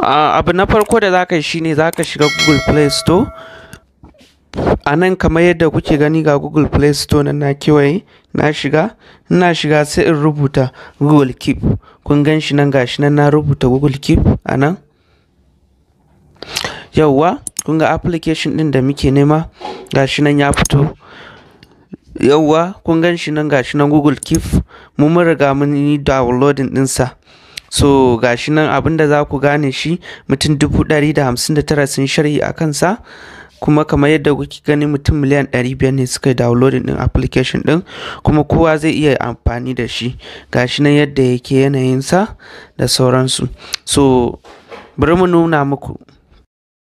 abu na farko da za ka yi shine za ka shiga google play store a nan kamar yadda kuke gani ga google play store nan na kewaye na shiga ina shiga sai in rubuta google keep kun gan shi nan gashi nan na rubuta google keep a nan yauwa kun ga application din da muke nema gashi nan ya fito yauwa kun gan shi nan gashi nan google keep mu mun riga mun yi downloading dinsa so gashi nan abin da za ku gane shi mutum 159 sun sharhi a kansa kuma kamar yadda kuke gani mutum miliyan 500 ne suka yi downloading din application din kuma kowa zai iya amfani da shi gashi nan yadda yake yanayinsa da sauransu so bari mu nuna muku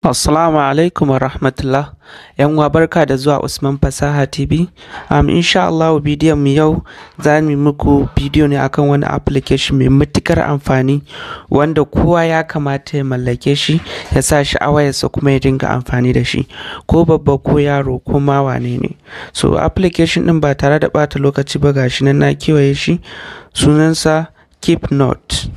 Assalamu alaikum wa rahmatullah. ‘Yan uwa barka da zuwa Usman Fasaha TV. Um, insha Allah bidiyon mu yau za mu muku bidiyo ne akan wani application mai matukar amfani wanda kowa ya kamata ya mallake shi ya sa shi a sa kuma ya dinga amfani da shi ko babba ko yaro ko ma wane ne. So application ɗin ba tare da bata lokaci ba gashi nan na kewaye shi sunansa Keep Note.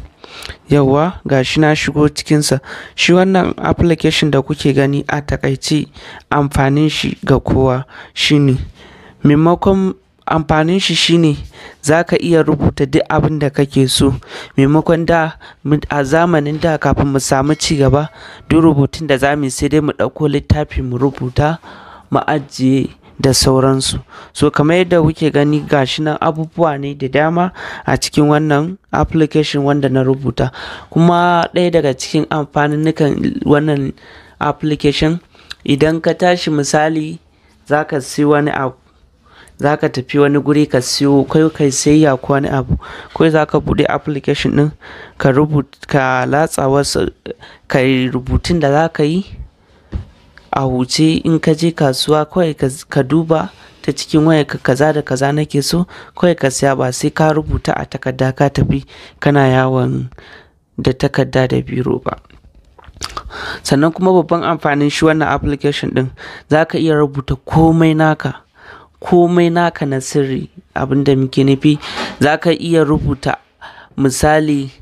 yawwa shi na shigo cikinsa shi wannan application da kuke gani a takaici amfanin shi ga kowa shine maimakon amfanin shi shine za ka iya rubuta duk abin da kake so maimakon da a zamanin da kafin mu samu ci gaba duk rubutun da za mu sai dai mu ɗauko littafi mu rubuta mu ajiye da sauransu so kamar yadda kuke gani gashi nan abubuwa ne da dama a cikin wannan application wanda na rubuta kuma ɗaya daga cikin amfanin wannan application idan ka tashi misali za ka si wani abu za ka tafi wani guri ka siyo kai kai ya ko wani abu kai za ka buɗe application ɗin ka rubuta ka latsa wasu ka rubutun da za ka yi a huce in ka je kasuwa kawai ka duba ta cikin waya ka kaza da kaza nake so kawai ka siya ba sai ka rubuta a takarda ka tafi kana yawon da takarda da biro ba sannan kuma babban amfanin shi wannan application din za ka iya rubuta komai naka komai naka na sirri abinda muke nufi za ka iya rubuta misali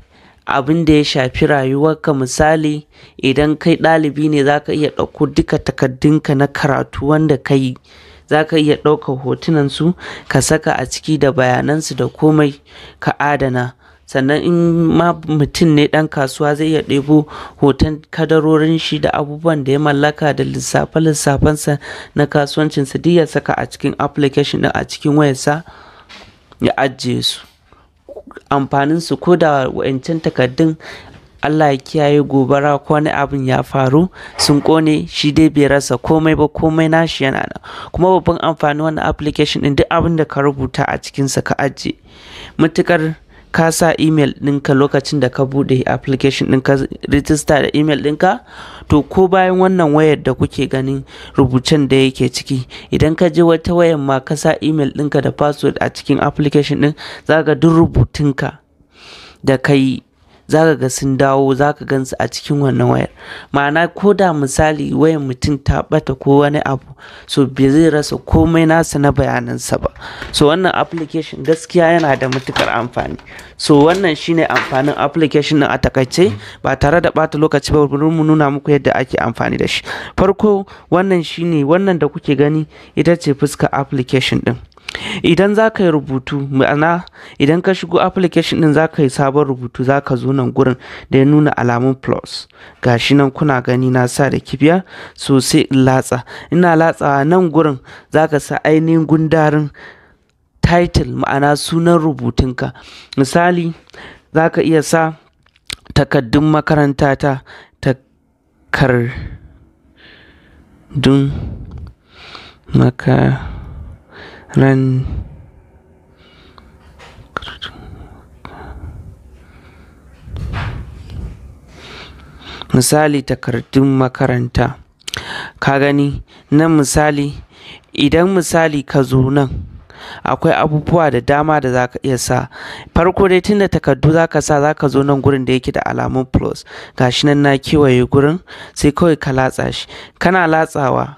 abin da ya shafi rayuwarka misali idan kai ɗalibi ne za ka iya ɗauko duka takardunka na karatu wanda ka yi za ka iya ɗaukar hotunansu ka saka a ciki da bayanansu da komai ka adana sannan in ma mutum ne ɗan kasuwa zai iya ɗebo hoton kadarorin shi da abubuwan da ya mallaka da lissafe-lissafensa na kasuwancinsa duk ya saka a cikin application ɗin a cikin wayarsa ya ajiye su amfanin su ko da wa'ancan takardun Allah ya kiyaye gobara ko wani abin ya faru sun kone shi dai bai rasa komai ba komai nashi yana nan kuma babban amfanin wannan application din duk abin da ka rubuta a cikinsa ka ajiye matukar ka sa email ɗinka lokacin da ka buɗe application ɗinka register da email ɗinka to ko bayan wannan wayar da kuke ganin rubucin da yake ciki idan ka je wata wayar ma ka sa email ɗinka da password a cikin application ɗin za ga duk rubutunka da ka yi za ka ga sun dawo za ka gansu a cikin wannan wayar ma'ana ko da misali wayan mutum ta bata ko wani abu so bai zai rasa komai nasa na bayanansa ba so wannan application gaskiya yana da matukar amfani so wannan shine amfanin application din a takaice ba tare da bata lokaci ba wurin mu nuna muku yadda ake amfani da shi farko wannan shine wannan da kuke gani ita ce fuska application din idan za ka yi rubutu ma'ana idan ka shigo application din za ka yi sabon rubutu za ka zo nan gurin da ya nuna alamun plus shi nan kuna gani na sa da kibiya so sai in latsa ina latsawa nan gurin za ka sa ainihin gundarin title ma'ana sunan rubutunka misali za ka iya sa takaddun makaranta ta takardun makaranta. nan misali takardun makaranta ka gani nan misali idan misali ka zo nan akwai abubuwa da dama da za ka iya sa farko dai tun da takardu za ka sa za ka zo nan gurin da yake da alamun plus gashi nan na kewaye gurin sai kawai ka latsa shi kana latsawa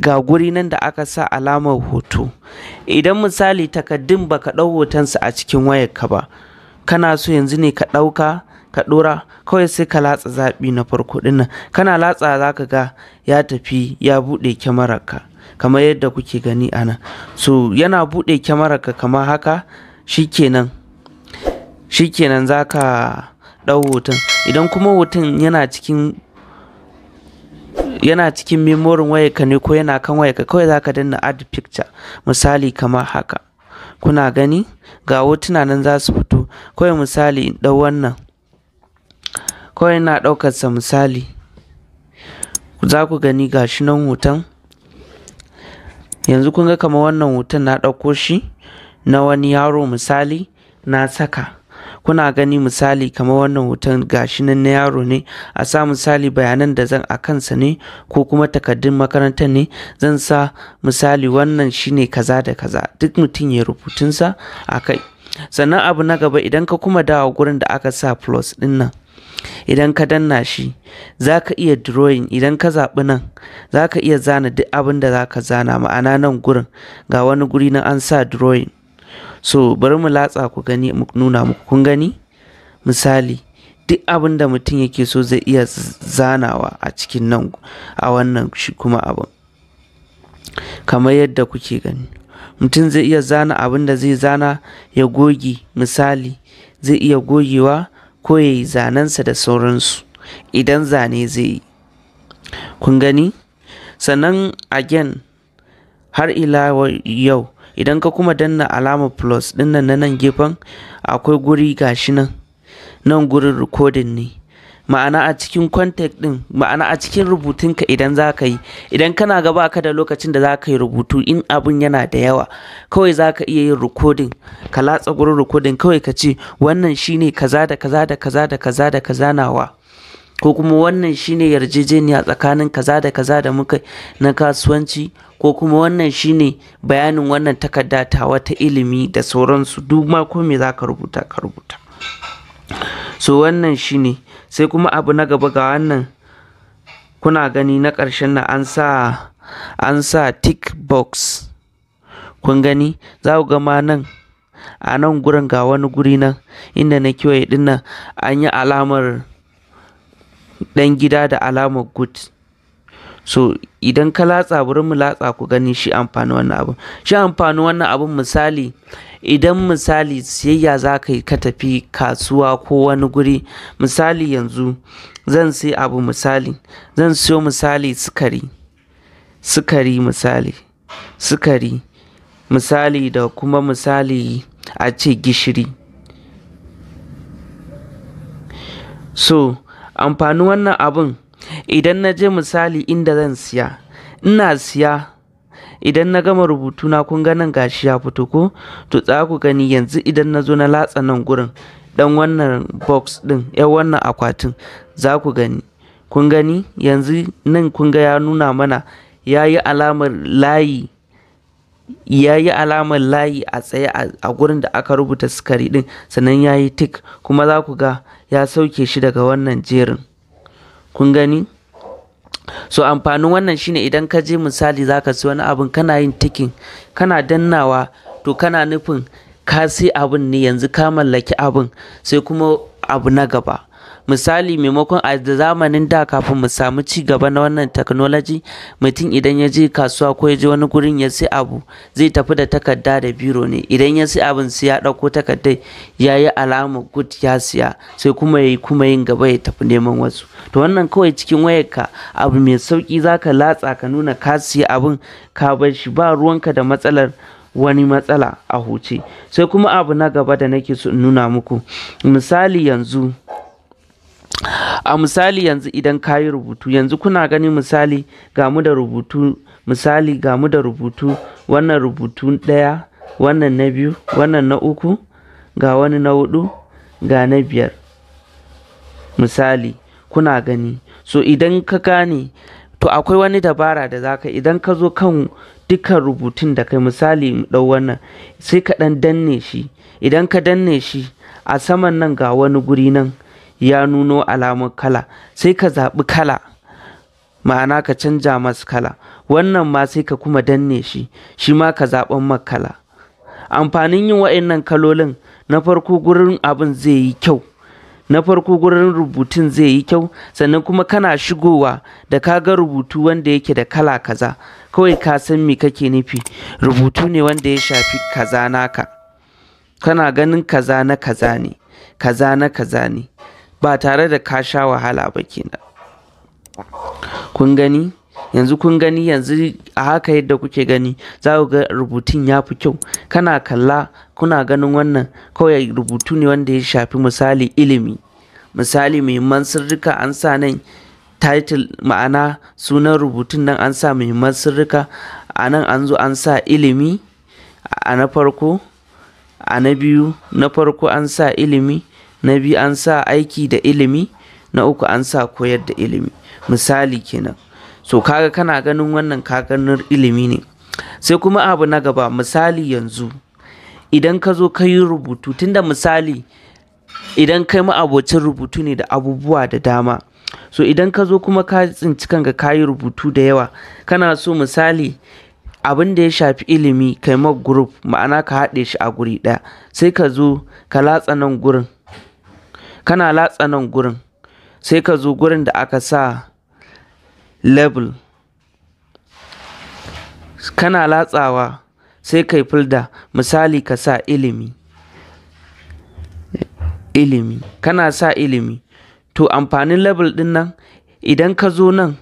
ga guri nan da aka sa alamar hoto idan misali takaddun ba ka ɗau hotonsa a cikin wayarka ba kana so yanzu ne ka ɗauka ka ɗora kawai sai ka latsa zaɓi na farko ɗin nan kana latsa za ka ga ya tafi ya buɗe kyamararka kamar yadda kuke gani a nan so yana buɗe kyamararka kamar haka shikenan shikenan za ka ɗau hoton idan kuma hoton yana cikin yana cikin memorin wayarka ne ko yana kan wayarka kawai za ka danna add picture misali kamar haka kuna gani ga hotuna nan za su fito kawai misali in ɗau wannan kawai na ɗaukarsa misali za ku gani ga shi nan hoton yanzu kun ga kamar wannan hoton na ɗauko shi na wani yaro misali na saka kuna gani misali kamar wannan hoton gashi nan na yaro ne a sa misali bayanan da zan a kansa ne ko kuma takardun makarantar ne zan sa misali wannan shine kaza da kaza duk mutum ya rubutunsa a kai sannan abu na gaba idan ka kuma dawo gurin da aka sa plus din nan idan ka danna shi za ka iya drawing idan ka zaɓi nan za ka iya zana duk abin da za ka zana ma'ana nan gurin ga wani guri na an sa drawing so bari mu latsa ku gani mu nuna muku kun gani misali duk abin da mutum yake so zai iya zanawa a cikin nan a wannan shi kuma abin kamar yadda kuke gani mutum zai iya zana abin da zai zana ya goge misali zai iya gogewa ko ya yi zanensa da sauransu idan zane zai yi kun gani sannan again har ila yau idan ka kuma danna alama plus din nan nan gefen akwai guri gashi nan nan gurin recording ne ma'ana a cikin contact ɗin ma'ana a cikin rubutunka idan za ka yi idan kana gaba ka da lokacin da za ka yi rubutu in abin yana da yawa kawai za ka iya yin recording ka latsa gurin recording kawai ka ce wannan shine kaza da kaza da kaza da kaza da kaza nawa ko kuma wannan shine yarjejeniya tsakanin kaza da kaza da muka na kasuwanci ko kuma wannan shine bayanin wannan takarda ta wata ilimi da sauransu duk ma ko me za ka rubuta ka rubuta so wannan shine sai kuma abu na gaba ga wannan kuna gani na ƙarshen na an sa an sa tick box kun gani za ku gama nan a nan gurin ga wani guri nan inda na kewaye dinnan an yi alamar ɗan gida da alamar good so idan ka latsa bari mu latsa ku gani shi amfani wannan abu. shi amfani wannan abu, misali idan misali siyayya za ka yi ka tafi kasuwa ko wani guri misali yanzu zan sai abu misali zan siyo misali sukari sukari misali sukari misali da kuma misali a ce gishiri so amfanin wannan abun idan na je misali inda zan siya ina siya idan na gama rubutu na kun nan gashi ya fito ko to za ku gani yanzu idan na zo na latsa nan gurin dan wannan box din yan wannan akwatin za ku gani kun gani yanzu nan kun ga ya nuna mana ya yi alamar layi ya yi alamar layi a tsaye a gurin da aka rubuta sukari din sannan ya yi tik kuma za ku ga ya sauke shi daga wannan jerin kun gani so amfanin wannan shine idan ka je misali za ka wani abin kana yin tikin kana dannawa to kana nufin ka sai abin ne yanzu ka mallaki abin sai kuma abu na gaba misali maimakon a zamanin da kafin mu samu ci gaba na wannan technology mutum idan ya je kasuwa ko ya je wani gurin ya sai abu zai tafi da takarda da biro ne idan ya sai abin sai ya dauko takarda ya yi alama good ya siya sai kuma ya yi kuma yin gaba ya tafi neman wasu to wannan kawai cikin wayar ka abu mai sauki zaka latsa ka nuna ka siya abin ka bar shi ba ruwanka da matsalar wani matsala a huce sai kuma abu na gaba da nake so nuna muku misali yanzu a misali yanzu idan ka yi rubutu yanzu kuna gani misali ga mu da rubutu misali gamu da rubutu wannan rubutu ɗaya wannan na biyu wannan na uku ga wani na hudu ga na biyar misali kuna gani so idan ka gane to akwai wani dabara da zaka idan ka zo kan dukkan rubutun da kai misali ɗau wannan sai ka ɗan danne shi idan ka danne shi a saman nan ga wani guri nan ya nuno alamar kala sai ka zaɓi kala ma'ana ka canja masu kala wannan ma sai ka kuma danne shi shi ma ka zaɓen makala amfanin yin wa'annan kalolin na farko gurin abin zai yi kyau na farko gurin rubutun zai yi kyau sannan kuma kana shigowa da ka ga rubutu wanda yake da kala kaza kawai ka san me kake nufi rubutu ne wanda ya shafi kaza naka kana ganin kaza na kaza ne kaza na kaza ne ba tare da ka sha wahala ba kenan kun gani yanzu kun gani yanzu a haka yadda kuke gani za ku ga rubutun ya fi kyau kana kalla kuna ganin wannan kawai rubutu ne wanda ya shafi misali ilimi misali muhimman sirrika an sa nan title ma'ana sunan rubutun nan an sa muhimman sirrika a nan an zo an sa ilimi a na farko a na biyu na farko an sa ilimi na biyu an sa aiki da ilimi na uku an sa koyar da ilimi misali kenan so kaga kana ganin wannan ka ganin ilimi ne sai kuma abu na gaba misali yanzu idan ka zo ka yi rubutu tunda misali idan kai ma'abocin rubutu ne da abubuwa da dama so idan ka zo kuma ka tsinci kanka ka yi rubutu da yawa kana so misali abin da ya shafi ilimi kai ma group ma'ana ka haɗe shi a guri ɗaya sai ka zo ka latsa nan gurin kana latsa nan gurin sai ka zo gurin da aka sa level. kana latsawa sai ka yi filda misali ka sa ilimi ilimi kana sa ilimi to amfanin level din nan idan ka zo nan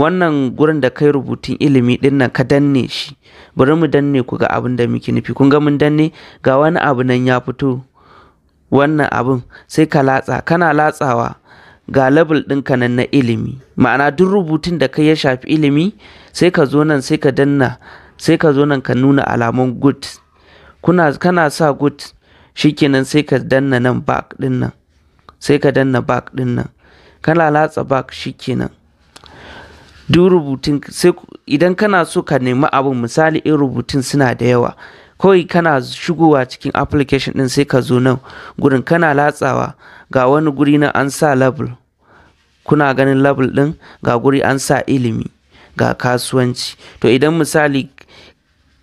wannan gurin da kai rubutun ilimi din nan ka danne shi bari mu danne ku ga abin da muke nufi kun ga mun danne ga wani abu nan ya fito wannan abin sai ka latsa kana latsawa ga level ɗinka nan na ilimi ma'ana duk rubutun da kai ya shafi ilimi sai ka zo nan sai ka danna sai ka zo nan ka nuna alamun good kuna kana sa good shikenan sai ka danna nan back din nan sai ka danna back din nan kana latsa back shikenan duk rubutun sai idan kana so ka nemi abin misali in rubutun suna da yawa kawai kana shigowa cikin application ɗin sai ka zo nan gurin kana latsawa ga wani guri na an sa level kuna ganin level ɗin ga guri an sa ilimi ga kasuwanci to idan misali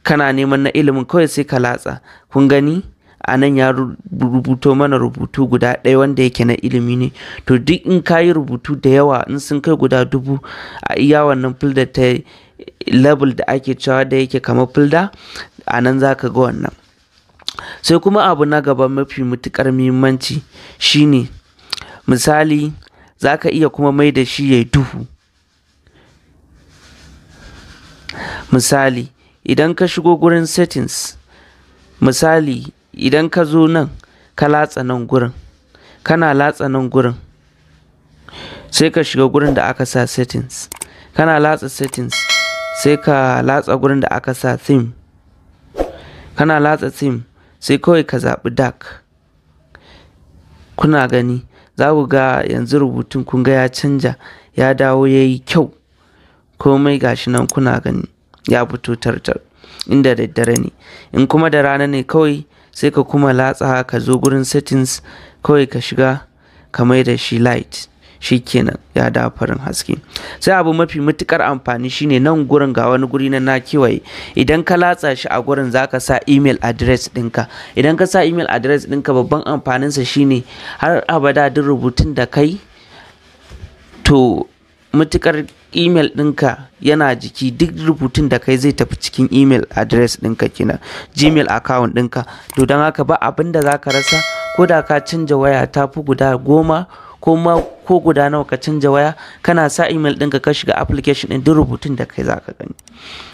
kana neman na ilimin kawai sai ka latsa kun gani a nan ya rubuto mana rubutu guda ɗaya wanda yake na ilimi ne to duk in ka yi rubutu da yawa in sun kai guda dubu a iya wannan filda ta level da ake cewa da yake kamar filda a nan za ka ga wannan sai kuma abu na gaba mafi matuƙar muhimmanci shine misali za ka iya kuma mai da shi ya duhu misali idan ka shigo gurin settings misali idan ka zo nan ka latsa nan gurin kana latsa nan gurin sai ka shiga gurin da aka sa settings kana latsa settings sai ka latsa gurin da aka sa theme kana latsa sim sai kawai ka zaɓi dark kuna gani za ku ga yanzu rubutun kun ga ya canja ya dawo ya yi kyau komai gashi nan kuna gani ya fito tartar inda daddare ne in kuma da rana ne kawai sai ka kuma latsa ka zo gurin settings kawai ka shiga ka mai da shi light kenan ya da farin haske sai abu mafi matukar amfani shine nan gurin ga wani guri na na kewaye idan ka latsa shi a gurin zaka sa email address ɗinka idan ka sa email address ɗinka babban amfaninsa shine har abada duk rubutun da kai to matukar email ɗinka yana jiki duk rubutun da kai zai tafi cikin email address ɗinka kina gmail account ɗinka to don haka ba abin da za ka rasa ko da ka canja waya ta fi guda goma ko ma ko guda nawa ka canja waya kana sa email ɗinka ka shiga application ɗin duk rubutun da kai za ka gani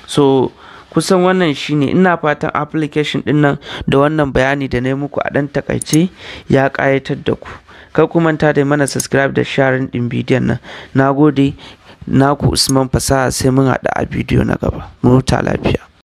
so kusan wannan shine ina fatan application ɗin nan da wannan bayani da na yi muku a ɗan takaice ya ƙayatar da ku kar ku manta da mana subscribe da sharing ɗin bidiyon nan na gode naku usman fasaha sai mun haɗu a bidiyo na gaba mu huta lafiya